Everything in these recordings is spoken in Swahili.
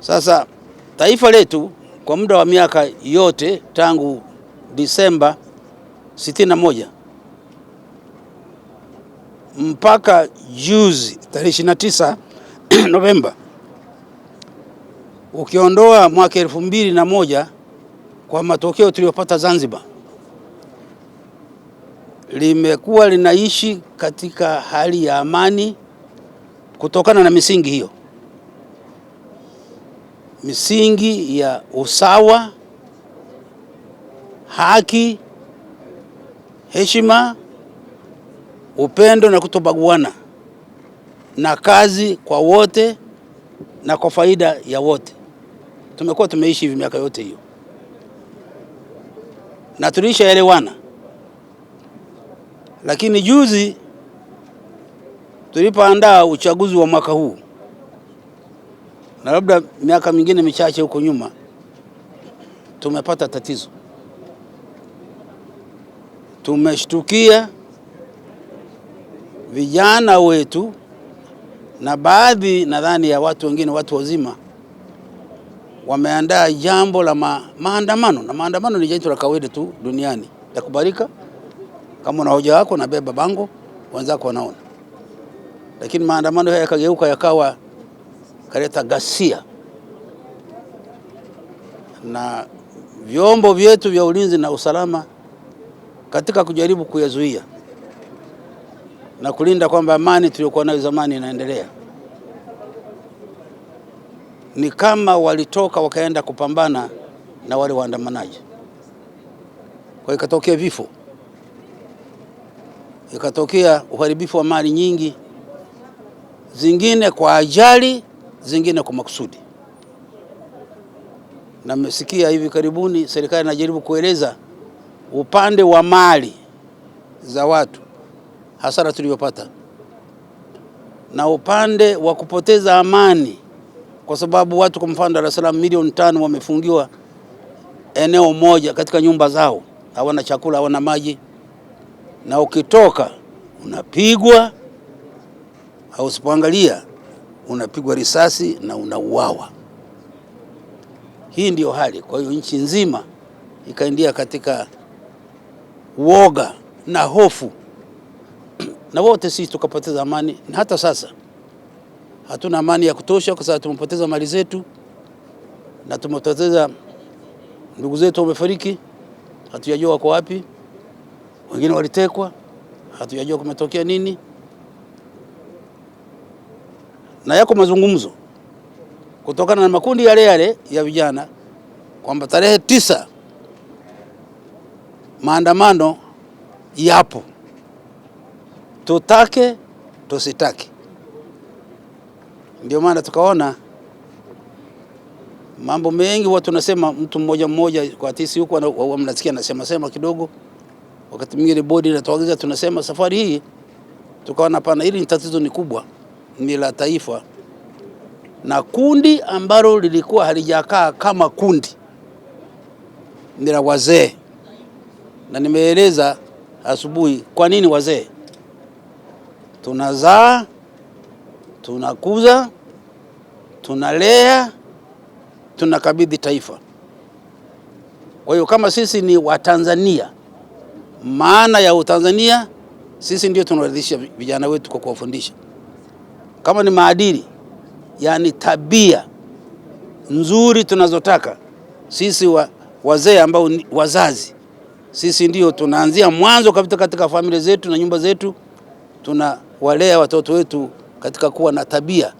Sasa taifa letu kwa muda wa miaka yote tangu Disemba 61 mpaka juzi tarehe 29 Novemba, ukiondoa mwaka elfu mbili na moja kwa matokeo tuliyopata Zanzibar, limekuwa linaishi katika hali ya amani kutokana na misingi hiyo misingi ya usawa, haki, heshima, upendo na kutobaguana, na kazi kwa wote na kwa faida ya wote. Tumekuwa tumeishi hivi miaka yote hiyo na tulishaelewana, lakini juzi tulipoandaa uchaguzi wa mwaka huu na labda miaka mingine michache huko nyuma tumepata tatizo, tumeshtukia vijana wetu na baadhi nadhani ya watu wengine, watu wazima wameandaa jambo la ma, maandamano na maandamano ni jambo la kawaida tu duniani kubarika Kama una hoja wako, nabeba bango, wenzako wanaona, lakini maandamano haya yakageuka yakawa kaleta ghasia, na vyombo vyetu vya ulinzi na usalama katika kujaribu kuyazuia na kulinda kwamba amani tuliyokuwa nayo zamani inaendelea, ni kama walitoka wakaenda kupambana na wale waandamanaji, kwa ikatokea vifo, ikatokea uharibifu wa mali nyingi, zingine kwa ajali zingine kwa makusudi. Na mmesikia hivi karibuni serikali inajaribu kueleza upande wa mali za watu, hasara tuliyopata, na upande wa kupoteza amani, kwa sababu watu, kwa mfano, Dar es Salaam milioni tano wamefungiwa eneo moja katika nyumba zao, hawana chakula, hawana maji, na ukitoka unapigwa au usipoangalia unapigwa risasi na unauawa. Hii ndiyo hali. Kwa hiyo nchi nzima ikaingia katika uoga na hofu, na wote sisi tukapoteza amani, na hata sasa hatuna amani ya kutosha, kwa sababu tumepoteza mali zetu na tumepoteza ndugu zetu wamefariki, hatujajua wako wapi, wengine walitekwa, hatujajua kumetokea nini na yako mazungumzo kutokana na makundi yale yale ya vijana kwamba tarehe tisa maandamano yapo, tutake tusitake. Ndio maana tukaona mambo mengi huwa tunasema mtu mmoja mmoja kwa tisi huku mnasikia anasema sema kidogo, wakati mwingine bodi inatuagiza tunasema. Safari hii tukaona pana, hili tatizo ni kubwa ni la taifa na kundi ambalo lilikuwa halijakaa kama kundi ni la wazee, na nimeeleza asubuhi kwa nini wazee. Tunazaa, tunakuza, tunalea, tunakabidhi taifa. Kwa hiyo kama sisi ni Watanzania, maana ya Utanzania sisi ndio tunawaridhisha vijana wetu kwa kuwafundisha kama ni maadili, yani tabia nzuri tunazotaka sisi wa, wazee ambao ni wazazi, sisi ndio tunaanzia mwanzo kabisa katika familia zetu na nyumba zetu, tunawalea watoto wetu katika kuwa na tabia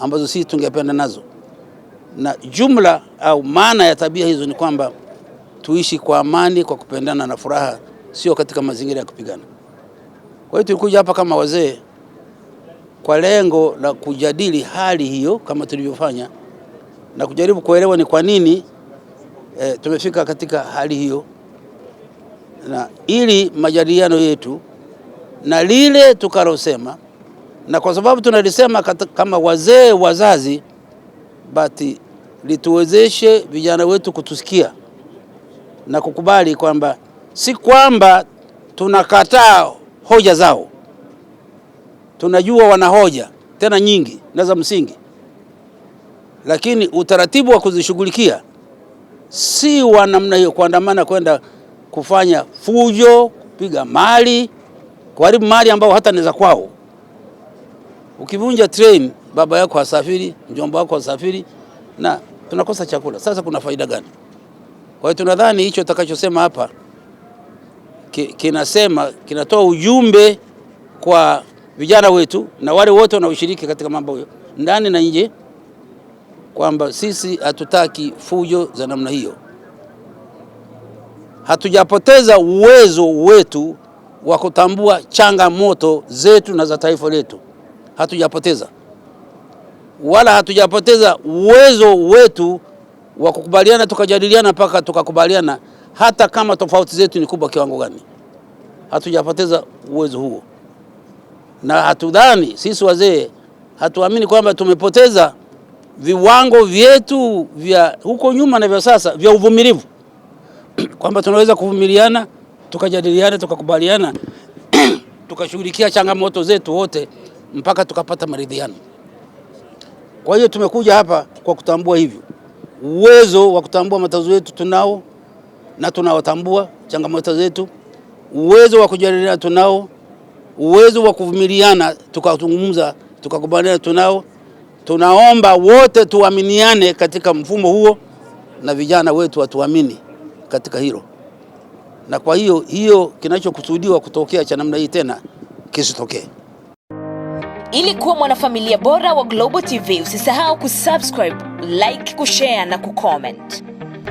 ambazo sisi tungependa nazo, na jumla au maana ya tabia hizo ni kwamba tuishi kwa amani, kwa kupendana na furaha, sio katika mazingira ya kupigana. Kwa hiyo tulikuja hapa kama wazee kwa lengo la kujadili hali hiyo kama tulivyofanya na kujaribu kuelewa ni kwa nini e, tumefika katika hali hiyo, na ili majadiliano yetu na lile tukalosema, na kwa sababu tunalisema kama wazee wazazi, basi lituwezeshe vijana wetu kutusikia na kukubali kwamba si kwamba tunakataa hoja zao tunajua wanahoja tena nyingi na za msingi, lakini utaratibu wa kuzishughulikia si wa namna hiyo, kuandamana kwenda kufanya fujo, kupiga mali, kuharibu mali ambao hata ni za kwao. Ukivunja train, baba yako hasafiri, mjomba wako hasafiri, na tunakosa chakula. Sasa kuna faida gani? Kwa hiyo tunadhani hicho takachosema hapa kinasema, kinatoa ujumbe kwa vijana wetu na wale wote wanaoshiriki katika mambo ndani na nje, kwamba sisi hatutaki fujo za namna hiyo. Hatujapoteza uwezo wetu wa kutambua changamoto zetu na za taifa letu, hatujapoteza wala hatujapoteza uwezo wetu wa kukubaliana tukajadiliana mpaka tukakubaliana, hata kama tofauti zetu ni kubwa kiwango gani, hatujapoteza uwezo huo na hatudhani sisi wazee hatuamini kwamba tumepoteza viwango vyetu vya huko nyuma na vya sasa vya uvumilivu, kwamba tunaweza kuvumiliana tukajadiliana tukakubaliana tukashughulikia changamoto zetu wote mpaka tukapata maridhiano. Kwa hiyo tumekuja hapa kwa kutambua hivyo, uwezo wa kutambua matatizo yetu tunao na tunawatambua, changamoto zetu, uwezo wa kujadiliana tunao uwezo wa kuvumiliana, tukazungumza, tukakubaliana tunao. Tunaomba wote tuaminiane katika mfumo huo, na vijana wetu watuamini katika hilo, na kwa hiyo hiyo kinachokusudiwa kutokea cha namna hii tena kisitokee. Ili kuwa mwanafamilia bora wa Global TV, usisahau kusubscribe, like, kushare na kucomment.